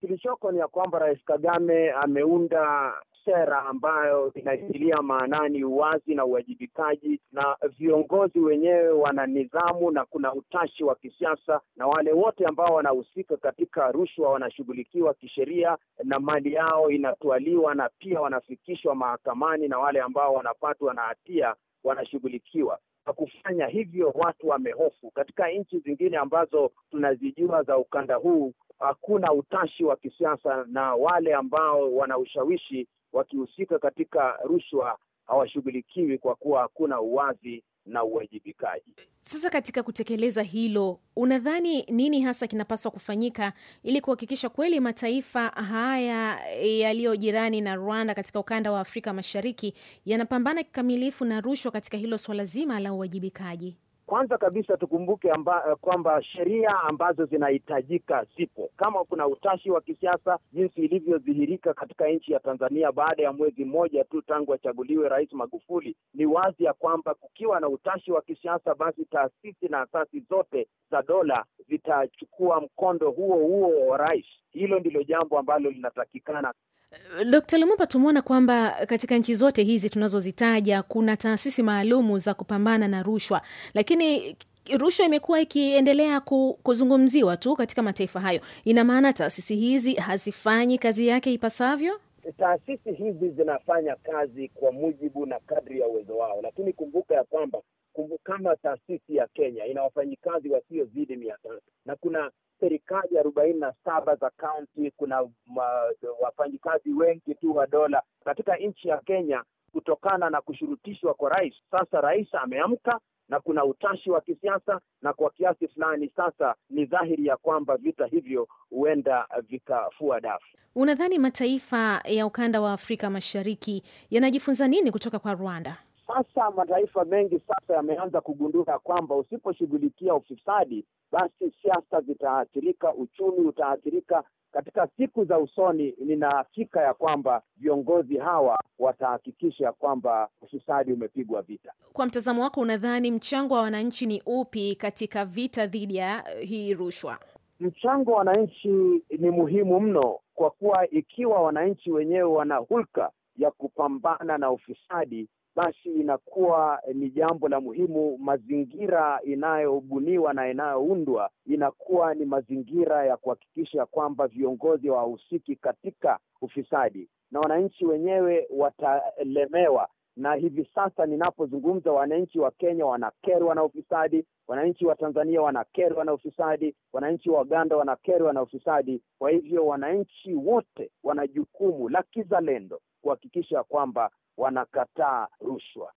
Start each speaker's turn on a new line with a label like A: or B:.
A: Kilichoko ni ya kwamba Rais Kagame ameunda sera ambayo inaitilia maanani uwazi na uwajibikaji, na viongozi wenyewe wana nidhamu na kuna utashi wa kisiasa, na wale wote ambao wanahusika katika rushwa wanashughulikiwa kisheria na mali yao inatwaliwa, na pia wanafikishwa mahakamani, na wale ambao wanapatwa na hatia wanashughulikiwa. na kufanya hivyo, watu wamehofu. Katika nchi zingine ambazo tunazijua za ukanda huu, hakuna utashi wa kisiasa na wale ambao wana ushawishi wakihusika katika rushwa hawashughulikiwi kwa kuwa hakuna uwazi na uwajibikaji.
B: Sasa katika kutekeleza hilo, unadhani nini hasa kinapaswa kufanyika ili kuhakikisha kweli mataifa haya yaliyo jirani na Rwanda katika ukanda wa Afrika Mashariki yanapambana kikamilifu na rushwa katika hilo swala zima la uwajibikaji?
A: Kwanza kabisa tukumbuke amba, eh, kwamba sheria ambazo zinahitajika zipo. Kama kuna utashi wa kisiasa jinsi ilivyodhihirika katika nchi ya Tanzania baada ya mwezi mmoja tu tangu achaguliwe Rais Magufuli, ni wazi ya kwamba kukiwa na utashi wa kisiasa, basi taasisi na asasi zote za dola zitachukua mkondo huo huo wa rais. Hilo ndilo jambo ambalo linatakikana.
B: Dkt. Lumumba, tumeona kwamba katika nchi zote hizi tunazozitaja kuna taasisi maalumu za kupambana na rushwa, lakini lakini rushwa imekuwa ikiendelea kuzungumziwa tu katika mataifa hayo. Ina maana taasisi hizi hazifanyi kazi yake ipasavyo?
A: Taasisi hizi zinafanya kazi kwa mujibu na kadri ya uwezo wao, lakini kumbuka ya kwamba kama taasisi ya Kenya ina wafanyikazi wasiozidi mia tatu na kuna serikali arobaini na saba za kaunti. Kuna wafanyikazi wengi tu wa dola katika nchi ya Kenya kutokana na kushurutishwa kwa rais. Sasa rais ameamka, na kuna utashi wa kisiasa, na kwa kiasi fulani sasa ni dhahiri ya kwamba vita hivyo huenda vikafua dafu.
B: Unadhani mataifa ya ukanda wa Afrika Mashariki yanajifunza nini kutoka kwa Rwanda?
A: Sasa mataifa mengi sasa yameanza kugundua kwamba usiposhughulikia ufisadi, basi siasa zitaathirika, uchumi utaathirika, katika siku za usoni, nina hakika ya kwamba viongozi hawa watahakikisha kwamba ufisadi umepigwa vita.
B: Kwa mtazamo wako, unadhani mchango wa wananchi ni upi katika vita dhidi ya eh, hii rushwa?
A: Mchango wa wananchi ni muhimu mno
B: kwa kuwa ikiwa wananchi wenyewe wana hulka ya kupambana na
A: ufisadi, basi inakuwa ni jambo la muhimu. Mazingira inayobuniwa na inayoundwa inakuwa ni mazingira ya kuhakikisha kwamba viongozi wahusiki katika ufisadi, na wananchi wenyewe watalemewa na hivi sasa ninapozungumza, wananchi wa Kenya wanakerwa na ufisadi, wananchi wa Tanzania wanakerwa na ufisadi, wananchi wa Uganda wanakerwa na ufisadi. Kwa hivyo wananchi wote wana jukumu la kizalendo kuhakikisha kwamba wanakataa rushwa.